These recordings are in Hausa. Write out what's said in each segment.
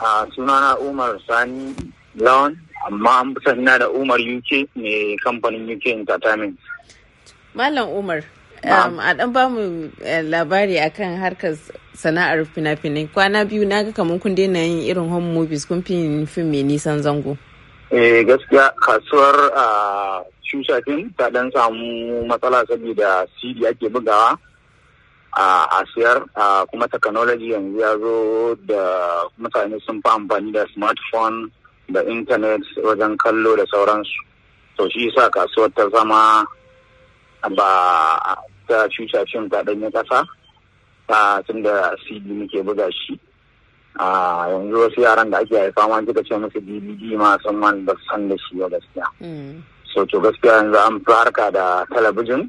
a sunana umar sani lawan amma an fi na da umar uk ne kamfanin uk entertainment malam umar um, a dan ba mu eh, labari akan harkar sana'ar fina-finai kwana biyu na ga kamar kun daina yin irin home movies kun fi yin fim mai nisan zango eh gaskiya kasuwar a ah, shusha ta dan samu matsala saboda cd ake bugawa a siyar kuma technology yanzu ya zo da mutane sun fi amfani da smartphone da intanet wajen kallo da sauransu to shi sa kasuwar ta zama ba ta future film ta ɗanyen ƙasa ta tun da cd muke buga shi a yanzu wasu yaran da ake haifa ma kika ce musu dvd ma sun man da san da shi ba gaskiya mm. so to gaskiya yanzu an fi harka da talabijin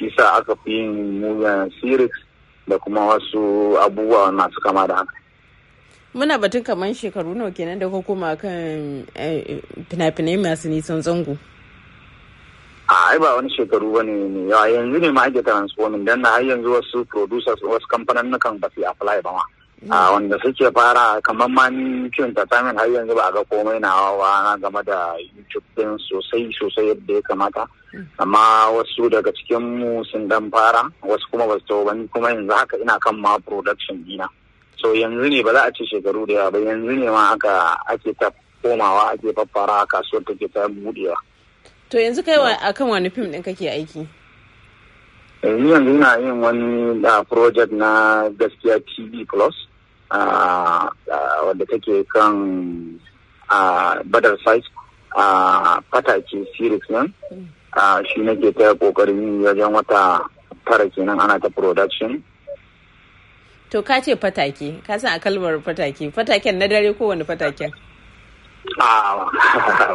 shi sa aka fi yin mugan sirik da kuma wasu abubuwa masu kama da haka muna batun kamar shekaru nawa kenan da hukuma kan eh, fina-finai masu nisan zango ai ba wani shekaru ba ne yanzu ne ma ake transforming don na har yanzu wasu producers wasu kamfanin kan ba su apply ba ma a wanda suke fara kamar ma ni cin tatamin har yanzu ba a ga komai na wa game da youtube din sosai sosai yadda ya kamata amma wasu daga cikin mu sun dan fara wasu kuma ba su ba kuma yanzu haka ina kan ma production dina so yanzu ne ba za a ce shekaru da yawa ba yanzu ne ma haka ake ta komawa ake faffara kasuwar take ta budewa to yanzu kai akan wani fim din kake aiki eh, yanzu ina yin wani da ah, project na gaskiya tv plus wadda take kan badar site a fatake series nan shi nake ta kokarin wajen wata tara kenan ana ta production to ka ce fatake ka san a kalmar fatake fataken na dare ko wani fataken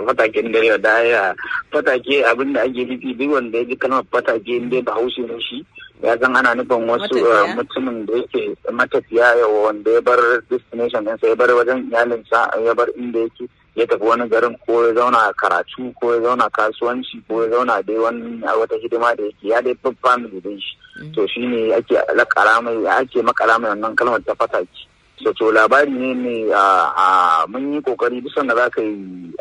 fataken dare da ya fatake abinda ake nufi duk wanda ya ji kalmar fatake inda ba haushe ne shi ya zan ana nufin wasu eh, mutumin da yake matafiya yawa wanda ya bar destination ɗinsa ya bar wajen sa ya bar inda yake ya tafi wani garin ko ya zauna karatu ko ya zauna kasuwanci ko ya zauna dai wani wata hidima da yake ya dai fi family din shi mm. to shi ne ake lakara mai ake makara mai wannan kalmar ta fataki so to labari ne ne a mun yi kokari bisan da za ka yi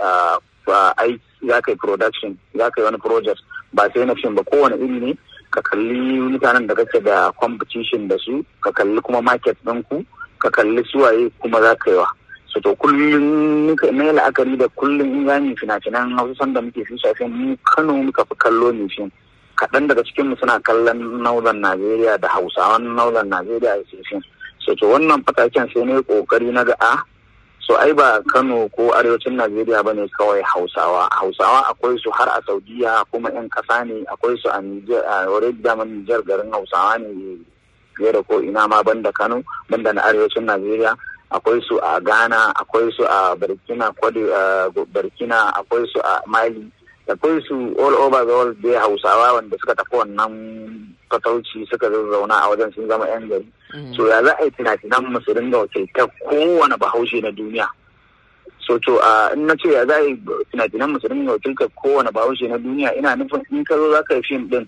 aiki za ka yi production za ka yi wani project ba sai na fim ba kowane iri ne ka kalli mutanen da kake da competition da su ka kalli kuma market ɗinku ka kalli suwaye kuma za ka yi wa so to kullum na la'akari da kullum in zami fina-finan hausa da muke fi shafin mu kano muka fi kallo ne shi kaɗan daga cikin mu suna kallon northern najeriya da hausawan northern najeriya da shi so to wannan fataken sai na yi ƙoƙari na ga a ah, so ai ba kano ko arewacin najeriya ba ne kawai hausawa hausawa akwai su har a saudiya kuma yan kasa ne akwai su a already daman nijar garin hausawa ne fiye da ko ina ma banda kano banda na arewacin najeriya akwai su a ghana akwai su a burkina burkina akwai su a mali akwai su all over the world dai hausawa wanda suka tafi wannan fatauci suka zazzauna a wajen sun zama 'yan gari mm. so ya za a yi fina-finan dinga wakiltar kowane bahaushe na duniya so to a in ce ya za a yi fina-finan dinga kowane bahaushe na duniya ina nufin in ka zo za ka yi fim din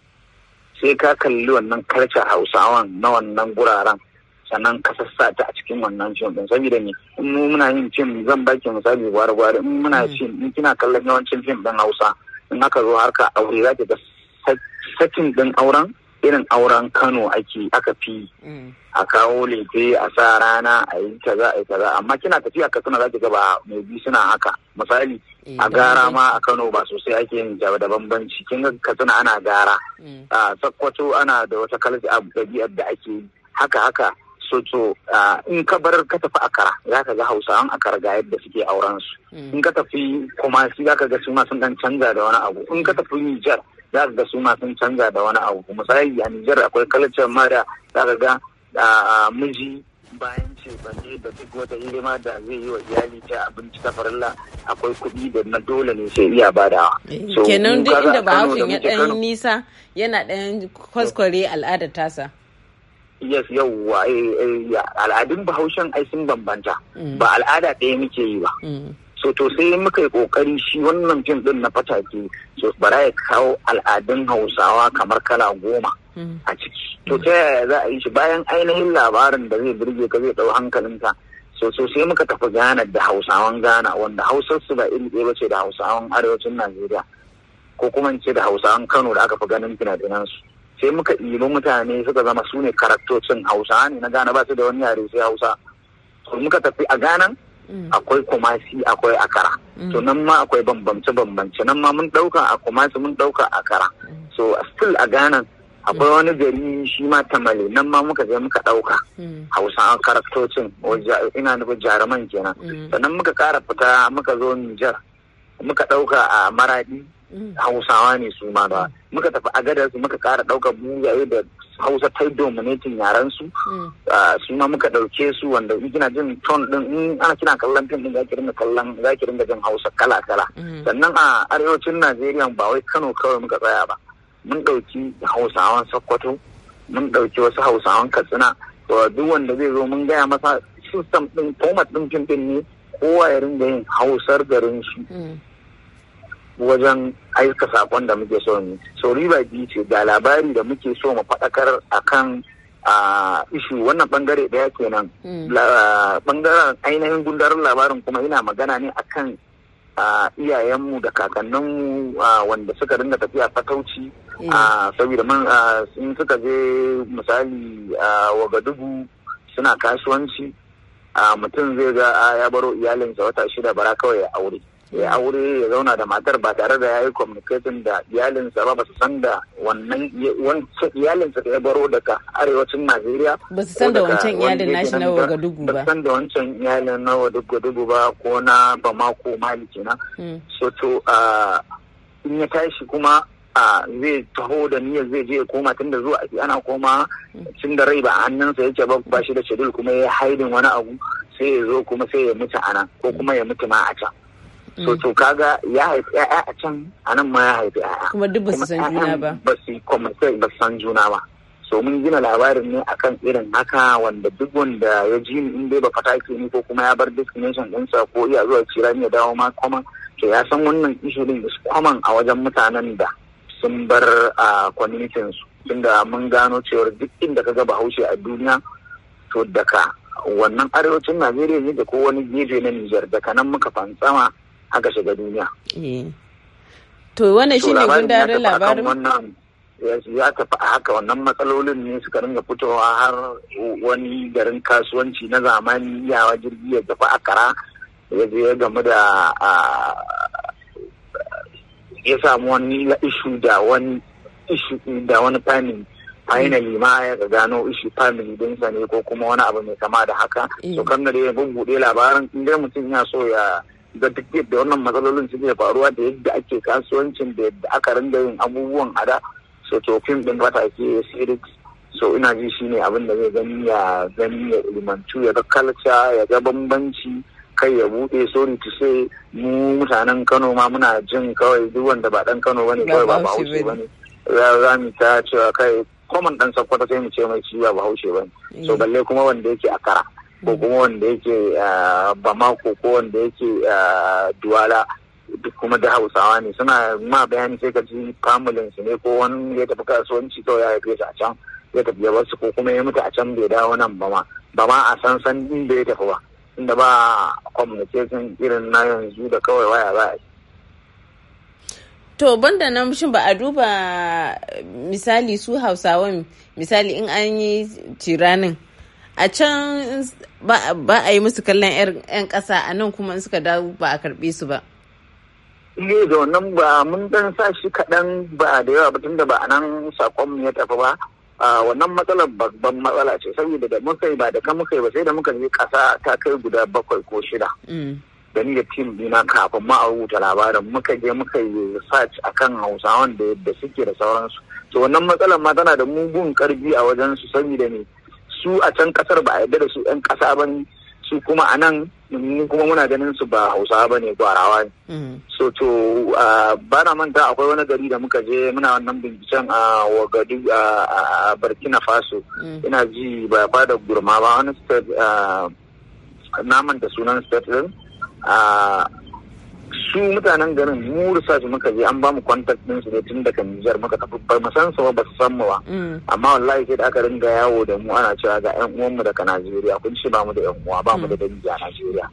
sai ka kalli wannan karcin hausawan na wannan guraren sannan ka sassa ta a cikin wannan fim din saboda ne in mu muna yin fim zan baki misali gwari gwari in muna mm. fim in kina kallon yawancin fim din hausa in aka zo harka aure za ki ga sakin din auren irin auren kano ake aka fi mm. a kawo lefe a sa rana a yi kaza a yi kaza amma kina tafiya katsina za ki gaba ba mai bi suna haka misali eh, a gara ma a kano ba sosai ake yin da bambanci kin ga katsina ana gara mm. a sakkwato ana da wata kalci a ɗabi'ar da ake haka haka soto in ka bar ka tafi akara za ka ga hausawan akara ga yadda suke auren su mm. in ka tafi kuma za ka ga su ma sun dan canza da wani abu in ka tafi nijar za ga su ma sun canza da wani abu misali a Nijar akwai kalacin mara da ka ga miji bayan ce bane da duk wata da zai yi wa iyali ta abinci ta farilla akwai kuɗi da na dole ne sai iya badawa. Eh, kenan duk inda ba haushin ya ɗan nisa yana ɗan kwaskware al'adar tasa. yes yauwa eh, eh, al'adun bahaushen ai sun bambanta mm. ba al'ada ɗaya muke yi ba. Mm. so to sai muka yi kokari shi wannan fim din na fatake so bara ya kawo al'adun hausawa kamar kala goma a ciki to ta yaya za a yi shi bayan ainihin labarin da zai birge ka zai ɗau hankalinka so so sai muka tafi gana da hausawan gana wanda su ba iri ɗaya bace da hausawan arewacin najeriya ko kuma ce da hausawan kano da aka fi ganin fina-finansu sai muka ɗibi mutane suka zama su ne karaktocin hausa ne na gana ba su da wani yare sai hausa muka tafi a ganan Mm. akwai kumasi akwai akara mm. to nan ma akwai bambance bambance nan ma mun dauka a kumasi mun dauka akara mm. so still a ganan akwai wani gari shi ma tamale nan ma muka je muka dauka hausa karaktocin ina nufin jaruman kenan sannan muka kara fita muka zo nijar muka dauka a maradi Mm. hausawa ne su ma ba mm. muka tafi agadar su muka kara ɗaukar buzaye da hausa ta dominatin yaren su mm. ah, su ma muka dauke su wanda kina jin ton din in ana kina kallon fim din zaki ringa kallon zaki ringa jin hausa kala kala sannan a arewacin najeriya ba wai kano kawai muka tsaya ba mun dauki hausawan sokoto mun dauki wasu hausawan katsina duk wanda zai zo mun gaya masa system din format din fim din ne kowa ya ringa yin hausar garin su wajen aika sakon da muke so ne so riba biyu ce ga labari da muke so mu faɗakar a kan ishu wannan bangare ɗaya kenan bangaren hmm. ainihin gundarin labarin kuma ina magana ne a kan iyayenmu da kakanninmu wanda suka dinga tafiya fatauci hmm. saboda man sun suka je misali wagadugu suna kasuwanci mutum zai ga ya baro iyalinsa wata shida bara kawai ya aure ya aure ya zauna da matar ba tare da ya yi communication da iyalinsa ba ba su san da wannan iyalinsa da ya baro daga arewacin najeriya ba su san da wancan iyalin nashi na wagadugu ba ba su san da wancan iyalin na dubu ba ko na bamako mali kenan hmm. so to uh, in ya tashi kuma uh, zai taho da niyya zai je koma tun da zuwa ake ana koma tun da rai ba hannunsa yake ba ba shi da shedul kuma ya haidin wani abu sai ya zo kuma sai ya mutu a nan ko kuma ya mutu ma a can so mm. to kaga ya haifi ya'ya a can a nan ma ya haifi ya'ya kuma duk ba su san juna ba ba su kuma sai ba san juna ba so mun gina labarin ne akan irin haka wanda duk wanda ya ji ni in dai ba fata ke ni ko kuma ya bar destination ɗinsa ko iya zuwa cira ya dawo ma common to ya san wannan issue din su a wajen mutanen da sun bar a kwamitin su tunda mun gano cewar duk inda ka ga bahaushe a duniya to daga wannan arewacin najeriya ne da ko wani gefe na nijar daga nan muka fantsama haka shiga duniya. Eh. To wannan shi ne gundarin labarin? ya tafi a haka wannan matsalolin ne suka ringa fitowa har wani garin kasuwanci na zamani yawa jirgi ya tafi a kara ya je ya gamu da ya samu wani ishu da wani ishu da wani family finally ma ya gano ishu family dinsa ne ko kuma wani abu mai kama da haka so eh. kan da ya bubbuɗe labarin in mutum ya so ya da duk yadda wannan matsalolin suke faruwa da yadda ake kasuwancin da yadda aka rinda yin abubuwan a da so to fim din ke series so ina ji shine abin da zai gani ya gani ya ilmantu ya ga kalca ya ga bambanci kai ya bude sorry to say mu mutanen Kano ma muna jin kawai duk wanda ba dan Kano bane kawai ba Bahaushe bane za mu ta cewa kai common dan sakwata sai mu ce mai ciwa Bahaushe bane so mm. balle kuma wanda yake a kara ko kuma wanda yake ah, bamako ko wanda yake ah, duwala kuma da hausawa ne suna ma bayani sai ka ji familin su ne ko wani ya tafi kasuwanci kawai ya haife su a can ya tafi ya su ko kuma ya mutu a can bai dawo nan ba ma ba ma a san san da ya tafi ba inda ba communication irin na yanzu da kawai waya ba To banda nan shin ba a duba misali su hausawan misali in an yi tiranin a can ba a yi musu kallon 'yan kasa a nan kuma in suka dawo ba a karɓe su ba ne da wannan ba mun dan sa shi kaɗan ba da yawa ba tunda ba a nan sakon mu ya tafi ba wannan matsalar babban matsala ce saboda da muka yi ba da kan muka yi ba sai da muka je kasa ta kai guda bakwai ko shida mm. da ni da tim dina kafin ma a rubuta labarin muka je muka yi research akan hausawan da yadda suke da sauransu to wannan matsalar ma tana da mugun karbi a wajen su saboda ne su a can kasar ba a yarda da su yan kasa ba su kuma a nan kuma muna ganin su ba hausawa ba ne gwarawa ne mm. so to ba na manta akwai wani gari da muka je muna wannan binciken a wagadu a burkina faso mm. ina ji ba ba da gurma ba wani state naman da sunan state din su mutanen garin mu su muka je an bamu contact din su tun daga Nijar muka tafi ba mu san ba su san mu ba mm. amma wallahi sai da aka ringa yawo da mu ana cewa ga ƴan uwan mu daga Najeriya kun ce ba mu da ƴan uwa ba mu da mm. dangi a Najeriya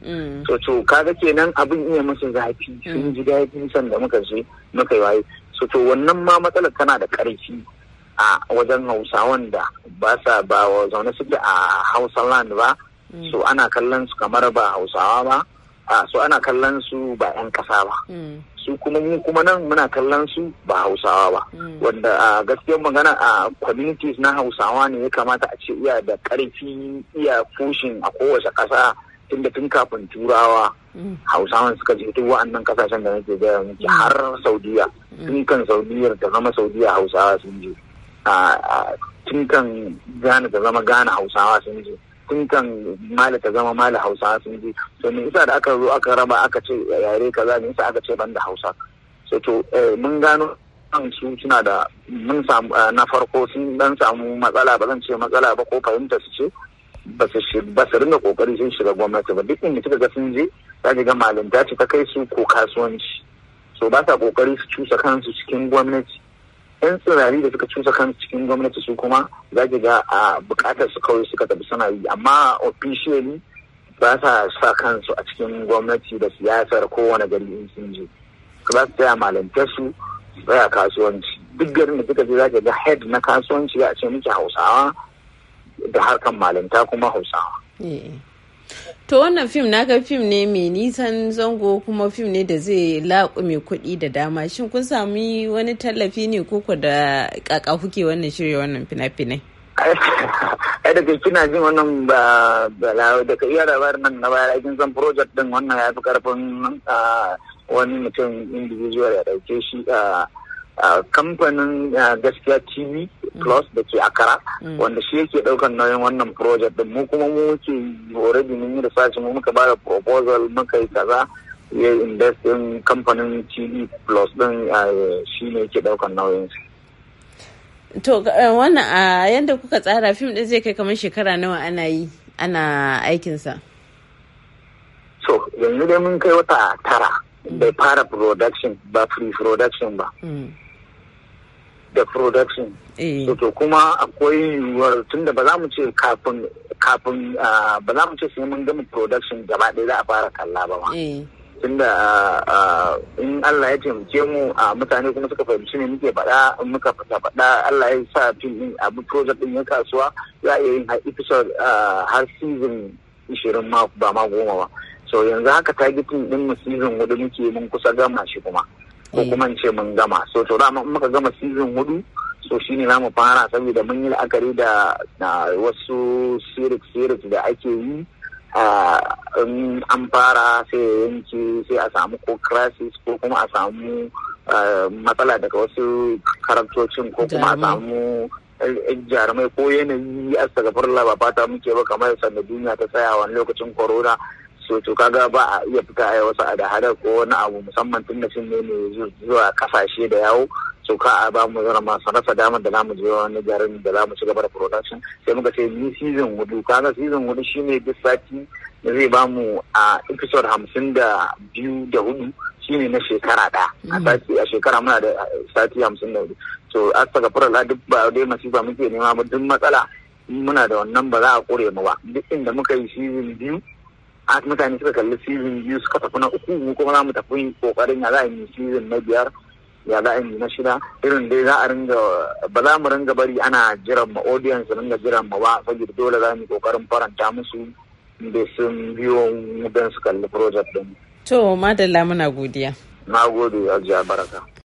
to mm. to kaga kenan abin iya musu zafi sun ji daɗin san da muka je muka yi wayi so to wannan ma matsalar tana da ƙarfi a wajen Hausawan da ba sa ba zaune suke a Hausa land ba so ana kallon su kamar ba Hausawa ba a ah, su ana kallon su ba 'yan ƙasa ba mm. su kuma mu kuma nan muna kallon su ba hausawa ba mm. wanda a gaskiyar magana a communities na hausawa ne ya kamata a ce iya da ƙarfi iya fushin a kowace ƙasa tun da tun kafin turawa mm. hausawan suka je duk wa'annan kasashen da nake gaya miki har saudiya tun kan saudiya ta zama saudiya hausawa sun je tun kan gane ta zama gane hausawa sun je tun kan mala ta zama mala hausa sun je, to me yasa da aka zo aka raba aka ce yare kaza ne yasa aka ce banda hausa so to eh, mun gano kan su suna da mun samu eh, na farko sun dan samu matsala ba zan ce matsala ba ko fahimta su ce ba su ba su kokari sun shiga gwamnati ba duk inda kika ga sun je za ki ga malinta ce ta kai su ko kasuwanci so ba sa kokari su cusa kansu cikin gwamnati yan tsirari da suka cusa kan cikin gwamnati su kuma za ga a bukatar su kawai suka tafi suna yi amma officially ba sa sa kansu a cikin gwamnati da siyasar kowane gari in sun je za su tsaya malantar su tsaya kasuwanci duk garin da suka je za ga head na kasuwanci ya ce miki hausawa da harkan malanta kuma hausawa eh. To wannan fim na ga fim ne mai nisan zango kuma fim ne da zai laƙume kuɗi da dama. Shin kun sami wani tallafi ne koko da ƙaƙa kuke wannan shirya wannan fina-finai? ai daga kina jin wannan ba bala daga iya rabar nan na baya kin san project din wannan ya fi karfin ah, wani mutum individual ya dauke shi a ah, kamfanin gaskiya tv plus da ke akara mm. wanda shi yake daukan nauyin wannan project din mu kuma mu muke already mun yi da sashi mu muka bada proposal muka yi kaza ya invest in kamfanin tv plus din shi ne yake daukan nauyin su to eh, wannan a yadda kuka tsara fim din zai kai kamar shekara nawa ana yi ana aikinsa so yanzu dai mun kai wata tara mm. bai fara production ba free production ba mm. da production Soto eh. kuma akwai yiwuwar tunda ba za mu ce kafin kafin ba za mu ce sai mun gama production gaba ɗaya za a fara kalla ba ma eh. tunda in Allah ya taimake mu a mutane kuma suka fahimci ne muke faɗa in muka faɗa Allah ya sa fim din abu project din ya kasuwa za a iya yin episode har season ishirin ma ba ma goma ba so yanzu haka targeting din mu season hudu muke mun kusa gama shi kuma ko mm. kuma ce mun gama so to da muka gama season hudu so shine mu fara saboda mun yi la'akari da wasu sirik sirik da ake yi in an fara sai yanki sai a samu ko crisis ko kuma a samu matsala daga wasu karantocin ko kuma a samu eh, eh, jarumai ko yanayi a sagabar laba fata muke ba kamar sanda duniya ta tsaya wani lokacin corona so to kaga ba a iya fita a wasu a hada ko wani abu musamman tun da sun ne zuwa kasashe da yawo so ka a ba mu zara masu rasa damar da zamu je wani garin da zamu ci gaba da production sai muka ce ni season hudu kaga season hudu shine duk sati zai ba mu a episode hamsin da biyu da hudu shine na shekara ɗaya a mm. sati a shekara muna da sati hamsin da hudu so astaka furala duk ba dai masifa muke nema ba duk matsala muna da wannan ba za a kure mu ba duk inda muka yi season biyu a mutane suka kalli season biyu suka tafi na uku mu kuma za mu tafi kokarin ya za a yi season na biyar ya za a yi na shida irin dai za a ringa ba za mu ringa bari ana jiran ma audience ringa jiran ma ba saboda dole za mu kokarin faranta musu da sun biyo mu don su kalli project din. To madalla muna godiya. Na gode Baraka.